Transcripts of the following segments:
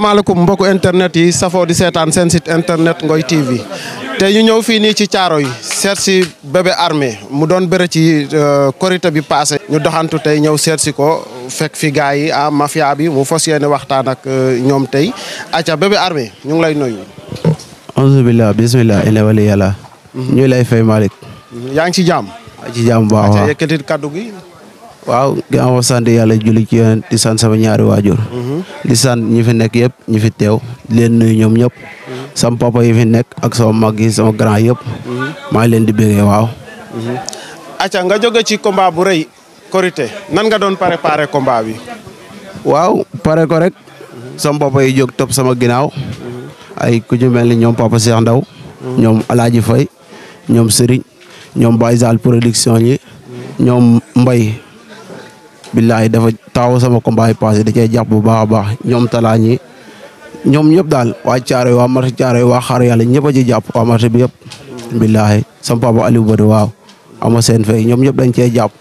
asalaamaaleykum mbokku internet yi safoo di seetaan seen site internet Ngoy TV te ñu ñëw fii nii ci caaro yi seet si bébé armé mu doon bëre ci euh, korité bi passé ñu doxantu tey ñëw seet si ko fekk fi gars yi ah mafia bi mu fas yéene waxtaan ak euh, ñoom tey acca bébé armé ñu ngi lay nuyu. alhamdulilah bisimilah inna wali yàlla. Mhm. lay fay Malick. Mhm. yaa ngi ci jàmm. ci jàmm bu gi. waaw ginnaaw ma sant yàlla julli ci yéen di sant sama ñaari waajur. Mhm. di sant ñi fi nekk yëpp ñi fi teew leen ñoom ñëpp. Mhm. sama papa yi fi nekk ak sama mag yi sama grand yëpp. Mhm. maa ngi leen di bégee waaw. acca nga jóge ci combat bu rëy Korité nan nga doon préparé combat bi. waaw pare ko rek. sama papa yi jóg topp sama ginnaaw. ay ku ci mel ni ñoom papa Cheikh Ndaw ñoom Alaaji Fay ñoom Serigne ñoom Baye Sall production yi. ñoom Mbay billaay dafa taaw sama combat yi da cee jàpp bu baax a baax ñoom talaa ñi ñoom ñëpp daal waa Thiaroye waa marché Thiaroye waa xaar yàlla ñëpp a ci jàpp waa marché bi yëpp billaay sama papa Aliou Bade waaw ama seen fay ñoom ñëpp dañ cee jàpp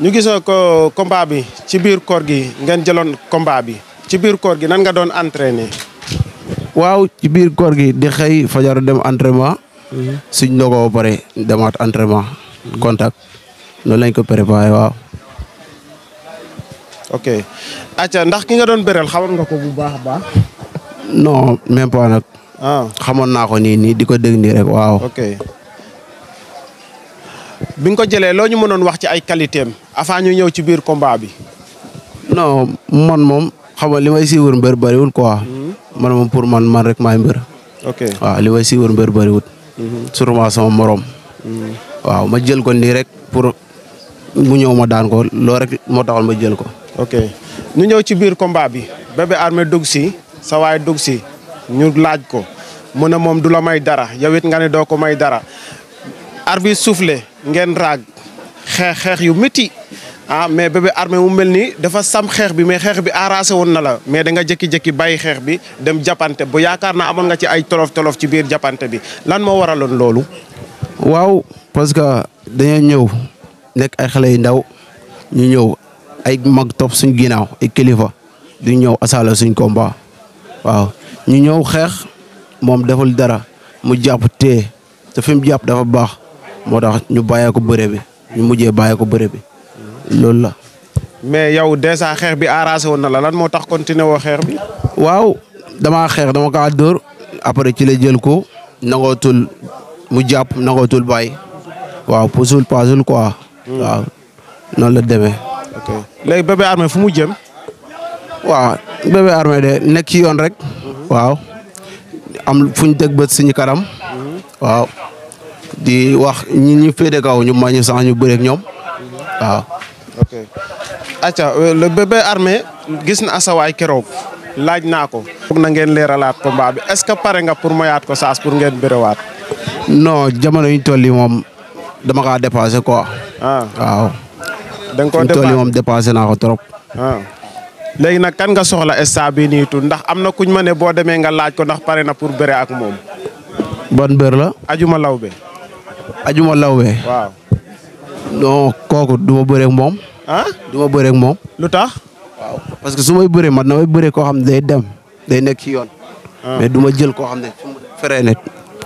ñu gis na ko combat bi ci biir koor gi ngeen jëloon combat bi ci biir koor gi nan nga doon entraîné waaw ci biir koor gi di xëy fajar dem entraînement mhm. suñ ndogoo ba pare demaat entraînement mhm. contact noonu lañ ko préparé ok acha ndax ki nga don beral xamoon nga ko bu baax baax non même pas nak ah xamoon naa ko ni nii di ko dégg rek waaw ok bi ko jëlee loñu mënon wax ci ay qualité am avant ñu ñew ci biir combat bi non man mom xamal limay li may siiwar mbër bëriwul quoi hmm. man mom pour man man rek may mbeur ok waaw ah, li mhm. ma sama morom hmm. waaw ma jël ko ni rek pour mu ñew ma daan ko lo rek mo taxal ma jël ko ok ñu ñëw ci biir combat bi Bébé Armé dugg si sa waay dugg si ñu laaj ko mu ne moom du la may dara yow it nga ne doo ko may dara arbi soufflé ngeen raag xeex xeex ah mais Bébé Armé mu mel ni dafa sam xeex bi mais xeex bi arrasé woon na la mais da nga jékki-jékki bàyyi xeex bi dem jàppante bu yaakaar naa amoon nga ci ay tolof tolof ci biir jàppante bi lan moo waraloon loolu. waaw parce que dañoo ñëw nekk ay xale yu ndaw ñu ay mag topp suñ ginnaaw ay kilifa du ñëw asaala suñ combat waaw ñu ñëw xeex moom deful dara mu jàpp tee te fi mu jàpp dafa baax moo tax ñu bàyyee ko bëre bi ñu mujjee bàyyee ko bëre bi loolu la. mais yow dèjà xeex bi arrangé woon na la lan moo tax continué woo xeex bi. waaw dama xeex dama kaa dóor après ci la jël ko nangootul mu jàpp nangootul bàyyi waaw pusul pasul quoi. Hmm. noonu la demee. léegi bébé armé fu mu jëm. waaw bébé armé de nekk yoon rek. Mhm. waaw am fu ñu bët suñu kanam. Mhm. waaw di wax ñi ñu féete kaw ñu ma ñu sax ñu bëreeg ñoom mhm. waaw. ok acca euh, le bébé armé gis na asawaay keroog laaj naa ko. foog na ngeen leeralaat ko bi est-ce que pare nga pour mayaat ko saas pour ngeen bërewaat. non jamono yi ñu toll moom dama ka dépassé quoi. Ah. waaw. da nga koo dépassé moom dépassé naa ko trop. waaw ah. léegi nag kan nga soxla instant bii nii tuut ndax am na kuñ ma ne boo demee nga laaj ko ndax pare na pour bëre ak moom. ban bër la. Ajuma Lawbe. Ajuma Lawbe. waaw. non kooku du ma moom. ah du moom. lu tax. parce que su may bëree man damay bëree koo xam ne day dem day nekk ci yoon. Ah. mais du ma jël koo xam ne fu mu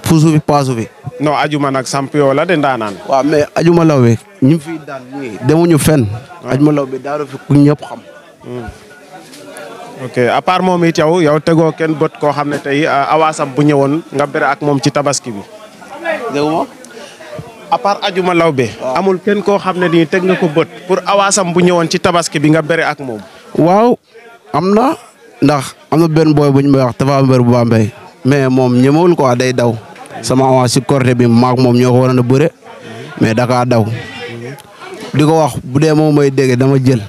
fu suufi paasufi non ajuma nag champion la de ndaanaan waaw mais ajuma lawbe ñu fi daan ñii demuñu fenn ajuma lawbe daaru fi ku ñëpp xam hmm. ok à moom it yow yow tegoo kenn bët koo xam ne tey euh, awaasam bu ñëwoon nga bere ak moom ci tabaski bi déguma à part ajuma lawbe koo xam ne nii teg nga ko bët pour awaasam bu ñëwoon ci tabaski bi nga bere ak moom waaw am na ndax am na benn booy bu ñu may wax dafa am bër bu Bambey mais moom ñëmewul ko day daw sama wa kor corté bi mak mom ñoo ko waroon a bëre mais daka daw diko wax budé mom moom déggé dama jël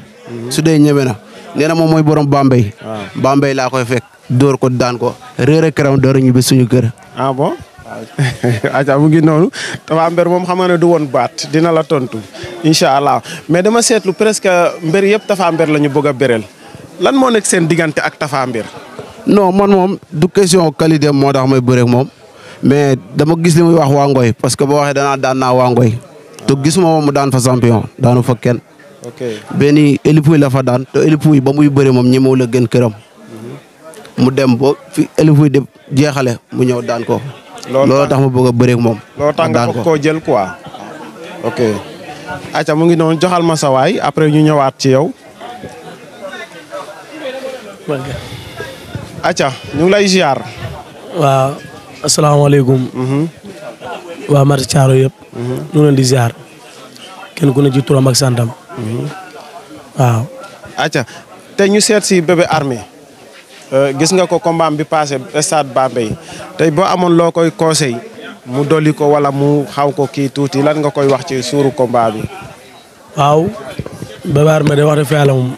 su dé ñëwé na nee na moom mooy borom bambay bambay la koy fekk dóor ko daan ko réer ak këram door ñu bi suñu kër ah bon aca mu ngi nonu Tapha Mbeur mom xam nga du won baat dina la tontu inshallah allah mais dama sétlu presque mbër yépp Tapha Mbeur la bëgga bëgg bérel lan mo nek sen diggante ak tafa Mbeur non man mom du question qualité moo tax may bëre ak mom mais dama gis li muy wax waa Ngoy parce que boo waxee danaa daan naa wangooy Ngoy gis ah. gisuma moom mu daan fa champion daanu fa kenn. ok benn la fa daan te élipuy ba muy bëri moom ñemewu la gën këram. Mhm. mu dem ba fi élipuy de jeexale mu ñëw daan ko. loolu tax ma bëgg a bëreeg moom. loolu tax nga koo jël quoi. ok. acca mu ngi noonu joxal ma sa waay après ñu ñëwaat ci yow. acca ñu ngi lay ziar. waaw. asalaamaaleykum. Mhm. waa Mati Thiaro yëpp. Mhm. ñu leen di ziar. kenn ku ne ci turam ak santam. Mhm. waaw. acca te ñu seet si bébé armée euh, gis nga ko combat bi passé stade Bambey tey boo amoon loo koy conseil mu dolli ko wala mu xaw ko kii tuuti lan nga koy wax ci suuru combat bi. waaw. bébé armée de wax dëgg fa yàlla moom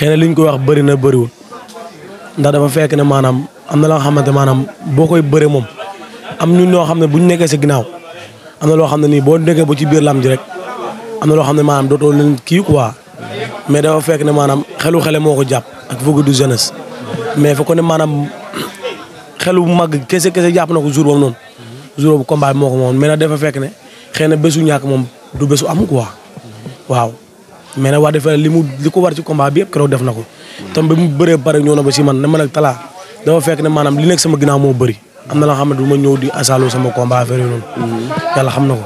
na liñ koy wax bëri na bariwul ndax dafa fekk ne maanaam am na loo xamante maanaam boo koy bëre moom am ñun ñoo xam ne bu ñu nekkee si ginnaaw am na loo xam ne nii boo nekkee ba ci biir lam ji rek am na loo xam ne maanaam dootoo leen kii quoi mais dafa fekk ne maanaam xelu xele moo ko jàpp ak fougue du jeunesse mais fekkoon ne maanaam xelu mag kese kese jàpp na ko jour boobu noonu jour boobu combat moo ko moomoon mais nag dafa fekk ne xëy na bésu ñàkk moom du bésu am quoi waaw. mais wa wax limu fa li mu war ci combat bi yëpp keroog def nako tam bi mu bëree pare ñëw na ba ci man ne man ak tala dama fekk ne manam li nek sama ginaaw mo bëri amna la nga ma di asalo sama combat affaire yooyu mhm. yalla xam nako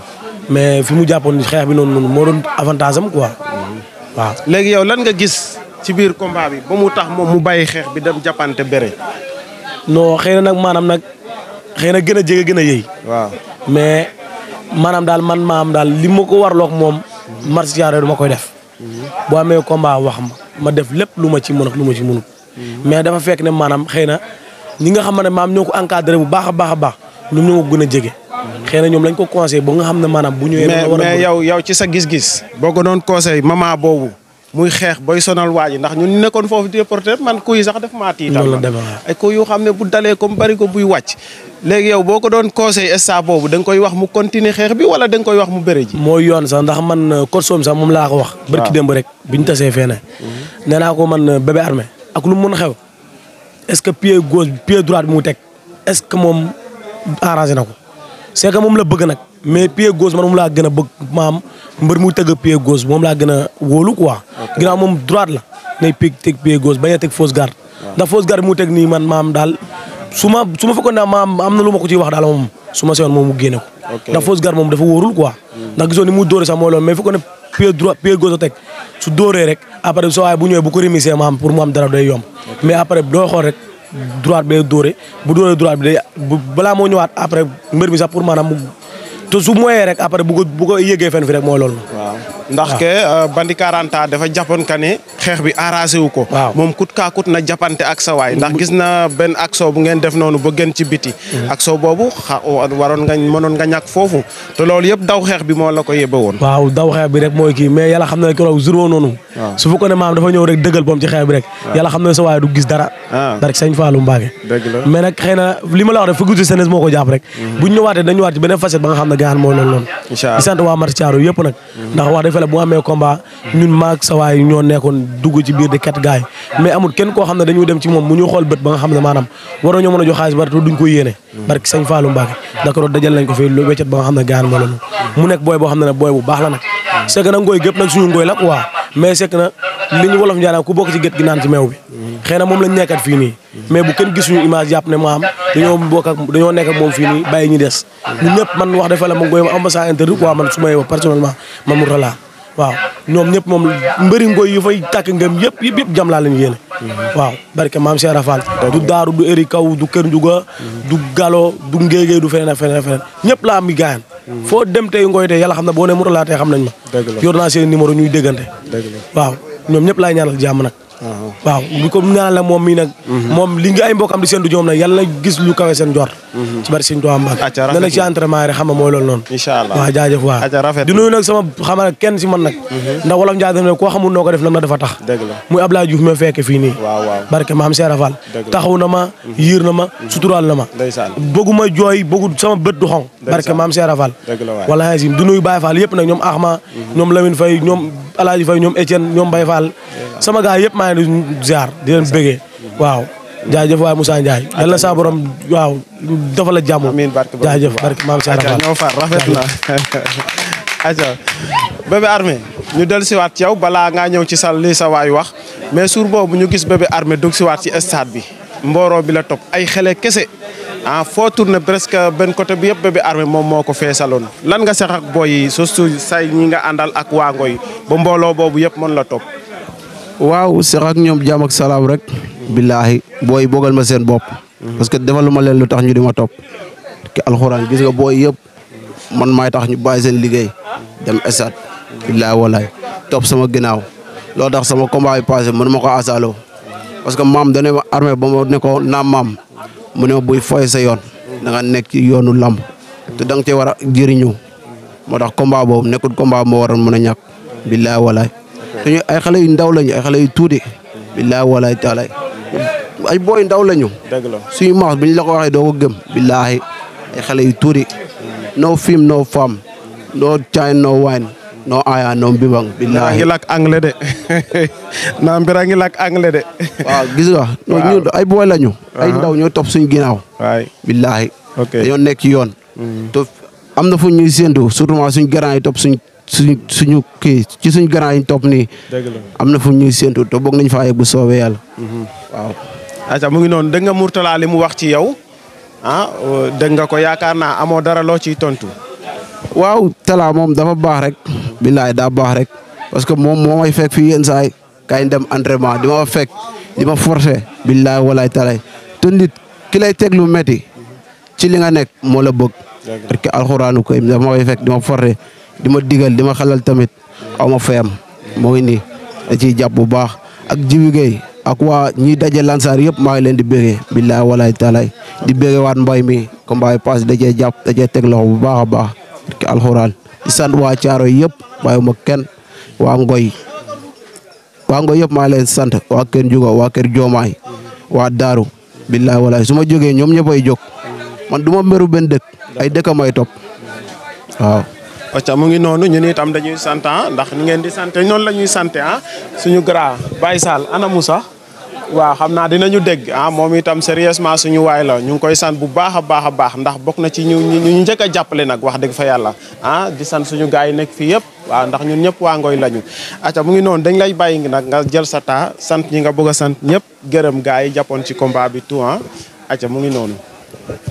mais fi mu jàppoon xex bi non non mo doon avantage am quoi mhm. wa léegi yow lan nga gis ci biir combat bi ba mu tax mom mu baye xex bi dem jàppante bere. no xeyna nak nag nak xeyna gëna jëgë gëna a wa mais manam dal man maam dal limako warlok mom martial du dama koy def. boo amee combat wax ma ma def lépp lu ma ci mën ak lu mais dafa fekk ne maanaam xëy na nga xam ne maam ñoo ko encadré bu baax a baax a baax ñoom ñoo ko a jege. xëy na ñoom lañ ko conseillé ba nga xam ne maanaam bu ñëwee. mais mais yow yow ci sa gis-gis. boo ko doon conseillé maman boobu. muy xeex boy sonal waa ji ndax ñun nekkoon foofu di reporter man kuy sax def maa tiital. la demee ay kuy yoo xam ne bu dalee comme bari ko buy wàcc. léegi yow boo ko doon conseil staff boobu da nga koy wax mu continuer xeex bi wala da nga koy wax mu bëre ji. mooy yoon sax ndax man euh, coach Sow sax moom laa ko wax. waaw ah. rek bi ñu tasee fee ne. Mhm. nee naa ko man euh, bébé armé ak lu mu a xew est ce que pied gauche pied droite bi mu teg est ce que moom arrangé na ko c' est que moom la bëgg nag mais pied gauche man moom laa gën a bëgg maam mbër mu tëgg pied gauche moom laa gën a wóolu quoi. droite la. nay pig teg bañ a teg fausse garde. Ah. ndax fausse garde mu teg nii man maam daal. su ma su ma fekkoon daal ma am na lu ma ko ciy wax daal moom su ma seyoon moom mu génne ko. ndax fausse garde moom dafa wóorul quoi. ndax gisoon ni mu dóore sax mooy loolu mais fekkoon ne pied droit teg su dóoree rek après sa waay bu ñëwee bu ko remisee ma pour mu am dara doy yomb. mais après doo xool rek droite bee dóore bu dóoree droite bi day balaa moo ñëwaat après mbër mi sax pour maanaam mu te su moyee rek après bu ko bu ko fi rek mooy loolu. waaw ndax ah. ke euh, bandi 40 ans dafa jàppoon ka ne xeex bi arrangé ko moom kut kaa kut na jàppante ak sa waay ndax gis na benn action bu ngeen def noonu ba gën ci biti mm. action boobu waroon nga mënoon nga ñàkk foofu te loolu yëpp daw xeex bi moo la ko yebe woon waaw daw xeex bi rek mooy kii mais yàlla xam ne keroog jour noonu su fekkoon ne maam dafa ñëw rek dëggal boom ci xeex bi rek yàlla du gis dara darek ah. sëñ Fallou Mbacké mais nag xëy na ma la rek fukki jeunesse moo ko jàpp rek mm-hmm. buñ ñëwaatee dañ ñëwaat ci beneen facette ba nga xam ne gaan moo loolu noonu di sant la bu mee combat ñun maag sawaay ñoo nekkoon dugg ci biir di kat gaay mais amul kenn koo xam ne dañoo dem ci moom mu ñu xool bët ba nga xam ne maanaam waroo a jox xaalis ba duñ ko yéene barki sëñ Fallou Mbacke d'accord dajal nañ ko mu bokk ci gét naan ci meew moom lañ nekkat fii nii mais bu kenn gisuñu image yàpp ne maam dañoo bokk ak nekk ak moom fii nii bàyyi des ñun ñëpp man wax defa la ma ngooy am ba sans intérêt man su may personnellement man mu waaw ñoom ñëpp moom mbëri ngoy yu fay tàkk ngëm yëpp yëpp yëpp jam laa leen yéene waaw barke maam a Rafal du daaru du éri kaw du kër njuga mhm. du galo du ngéegéey du feneen feneen feneen ñëpp laa mi gaayan mhm. foo dem tey ngoy tey yàlla xam ne boo ne mu laa xam nañ ma yor naa seen numéro ñuy déggante waaw ñoom ñëpp laay ñaanal jàmm nag Uh-huh. waaw li ko ñaan la moom mii nag uh-huh. moom li nga ay di seen du ñoom nag yàlla na gis lu kawe seen jor uh-huh. ci bari sëñ Tuubaa Mbàkke na nag ci entraînement rek xam mooy loolu noonu incha allah waaw jaajëf waaw di nuyu sama xama kenn si man nag ndax wolof njaay def ne koo xamul noo ko def na dafa tax muy Ablaye Diouf ma fekke fii nii barke maam Seera Fall taxaw ma yiir ma suturaal ma bëgguma jooy bëggu sama bët du xong barke maam Cheikh Rafal wala azim du nuyu Baye Fall yëpp nag ñoom Axma mhm. ñoom Lamine Faye ñoom Alaaji Faye ñoom Etienne ñoom Baye Fall sama gaay yëpp maa ngi jaar di ziar di leen bëggee waaw jaajëf waay Moussa Ndiaye yal na saa borom waaw dafa la jàmm jaajëf barke maam Cheikh Rafal ñoo far rafet na aca bébé armé ñu del siwaat yow balaa ngaa ñëw ci sa lii sa waay wax mais suur boobu ñu gis bébé armé dog siwaat ci stade bi mbooroo bi la topp ay xele kese ah foo tourné presque benn côté bi yëpp Bébé Armé moom moo ko feesaloon lan nga sax ak booy yi surtout say ñi nga àndal ak waa Ngoy ba mbooloo boobu yëpp mën la topp. waaw sax ñoom jàmm ak salaam rek. billaahi booy bogal ma seen bop mhm. parce que defaluma leen lu tax ñu di ma topp. ki alxuraan gis nga booy yëpp man maay tax ñu bàyyi seen liggéey. dem esat billaahi walaay topp sama ginnaaw. loolu tax sama combat bi passé man ma ko asaaloo. parce que maam dañu Armé ba ma ne ko naam mu ne buy fooy sa yoon da nekk ci yoonu lamb te da nga cee war a jëriñu moo tax combat boobu nekkul combat moo waroon mën a ñakk billaay walaay te ay xale yu ndaw lañu ay xale yu tuuti billaay walaay taalaay ay booy ndaw lañu suñu max bi ñu la ko waxee doo ko gëm billaahi ay xale yu tuuti no film no femme no chain no wine no aya no mbibang billahi ngi lak anglais de na mbira ngi lak anglais de waaw gis nga no ñu ay boy lañu ay ndaw ñoo topp suñ ginaaw waay billahi dañoo nekk ci yoon mm-hmm. to am na fu ñuy séntu surtout suñu grand yi topp suñ suñu suñu kii ci suñ grand yi topp nii am na fu ñuy séntu te boog nañ fa yegg bu soobee yàlla mm-hmm. waaw aca mu ngi noonu dégg nga Mourtala li mu wax ci yow ah nga ko yaakaar naa amoo dara loo ciy tontu waaw Talla moom dafa baax rek billahi da bax rek parce que mom moo fek fi yeen say kay kaay dem entraînement dima fek dima forcer billahi wallahi taala walaay ki lay tek lu metti ci li nga nek mo la bëgg rek alcorane ko dafa ma fek dima di dima forcé di digal di xalal tamit awma fayam moo ngi nii da ciy bu baax ak jiwi gay ak wa ñi dajje lansaar yëpp ma ngi leen di béggee billahi wallahi taala di béggee waat mbay mi ko mbay pass dajje japp dajje tek loxo bu baax baax rek alcorane di sant waa Caaro yëpp bàyyiwuma kenn waa Ngoy waa Ngoy yëpp maa leen sant waa Kër Juga waa Kër Joomaay waa Daaru billaay walaay su ma jógee ñoom ñëppay jóg man du ma meru benn dëkk ay dëkk may topp waaw. acca mu ngi noonu ñun itam dañuy sant ah, ndax ni ngeen di sant noonu la ñuy ah, suñu grand Baye Sall ana Moussa waaw xam naa dinañu dégg ah moom itam sérieusement suñu waay la ñu ngi koy sant bu baax a baax a baax ndax bokk na ci ñu ñu njëkk a jàppale nag wax dëgg fa yàlla ah di sant suñu gars yi nekk fii yëpp waaw ndax ñun ñëpp waa Ngoy lañu. acca mu ngi noonu dañ lay bàyyi nag nga jël sa taa sant ñi nga bëgg a sant ñëpp gërëm gars yi jàppoon ci combat bi tout ah mu ngi noonu.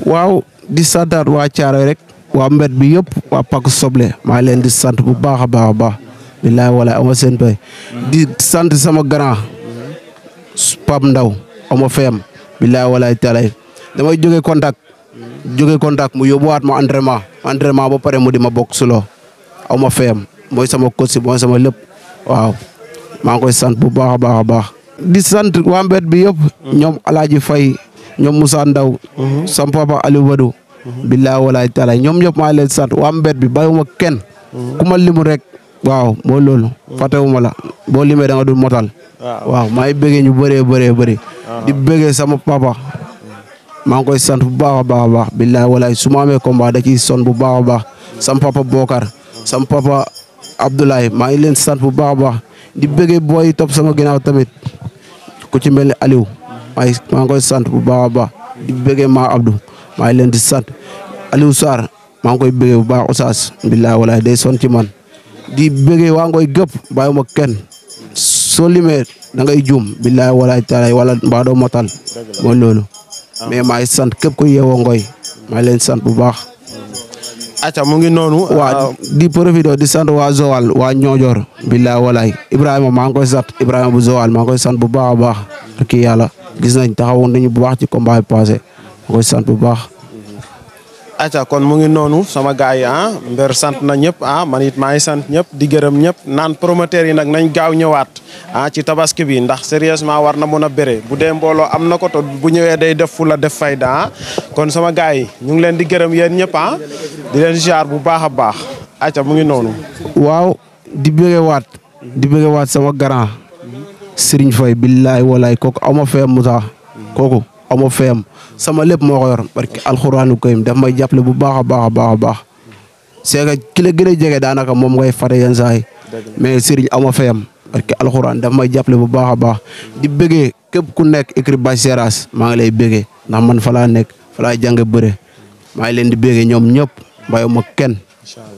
waaw di santaat waa Thiaroye rek waa mbet bi yëpp waa Pàcc Soble maa leen di sant bu baax a baax a baax bilaay wala ama seen pay di sant sama grand. Pape Ndaw Omo Fem billaay walaay taalaay damay jóge contact jóge contact mu yóbbuwaat ma entraînement entraînement ba pare mu di ma bokk suloo Omo mooy sama coach mooy sama lépp waaw maa ngi koy sant bu baax a baax a baax di sant waa mbet bi yëpp ñoom Alaaji Fay ñoom Moussa Ndaw sam papa Aliou Badou billaay walaay taalaay ñoom ñëpp maa leen sant waa mbet bi bàyyiwuma kenn ku ma limu rek waaw moo loolu fàttewuma la boo limee da motal waaw maa ngi bëggee ñu bëree baree bëri. Uh-huh. di bëggee sama papa. maa ngi koy sant bu baax a baax a baax billaay walaay su ma amee combat da ciy son bu baax a baax sama papa Bokar sama papa Abdoulaye maa ngi leen sant bu baax a baax di bëggee booy yi sama ginaaw tamit ku ci mel ni Aliou maa ngi maa ngi koy sant bu baax a baax di bëggee maa Abdou maa ngi leen di sant Aliou Sarr maa ngi koy bëggee bu baax Oustaz billaay walaay day son ci man di bëggee waa ngoy gëpp bàyyi ma kenn. soo limee da ngay juum billaay walaay taalaay wala mbaa motal mooy loolu mais maay sant képp ku yeewoo ngoy maa leen sant bu baax acca mu ngi noonu waa ah, di profité di sant waa Joal waa Ñoojoor billaay walaay Ibrahima maa ngi koy sant Ibrahima bu Joal maa koy sant bu baax a baax ak yàlla gis nañ taxawoon nañu bu baax ci combat bi passé maa koy sant bu baax acha kon mo ngi nonu sama gaay yi ah, mber sant na ñep ah man it may sant ñep di gërem ñep nan promoteur yi nak nañ gaaw ñëwaat ah ci tabaski bi ndax sérieusement war na mëna béré bu dé mbolo am na to bu ñëwé day def fu la def fayda ah. kon sama gaay nunglen ñu ngi leen di gërem yeen ñep ah di leen jaar bu baaxa baax acha mo ngi nonu waaw di béré waat di béré waat sama grand Serigne Faye billaay walaay kooku ama fee musa awma fayam sama lépp moo ko yor barki alxuraanu kayim daf may jàppale bu baax a baax a baax a baax c'est que ki la gën a jege daanaka moom ngay fare yenn saa yi mais sëriñ awma fayam barki alxuraan daf may jàppale bu baax a baax di bëggee képp ku nekk écrit ba seras maa ngi lay bëggee ndax man fa laa nekk fa laa jànge bëre maa ngi leen di bëggee ñoom ñëpp mbayu ma kenn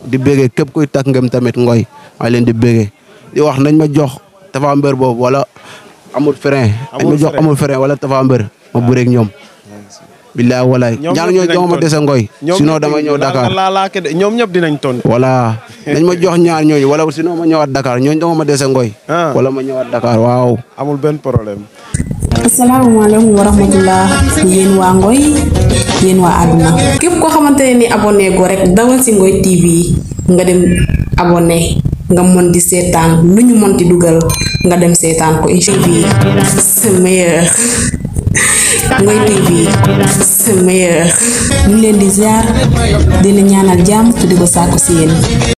di bëggee képp kuy takk ngem tamit ngoy maa ngi di bëggee di wax nañ ma jox Tapha Mbeur boobu wala amul frein nañ ma wala Tapha ma bëreeg ñom billahi walaay ñal ñoo jox ma dese ngooy. sinon damay ñëw Dakar ñom ñep dinañ ton wala dañ ma jox ñaar ñooñu wala sino ma ñewat Dakar ñoo dama ma dese ngooy. Ah. wala ma ñewat Dakar waaw. amul ben problème. asalaamaaleykum wa rahmatullah yéen waa Ngoy yeen wa aduna kep ko xamantene ni abonné go rek dawal ci Ngoy TV nga dem abonné nga mon di setan lu mon di duggal nga dem setan ko incha Ngoye TV c'est ñu leen di ziar dina ñaanal jàmm te di ko sàkku si yéen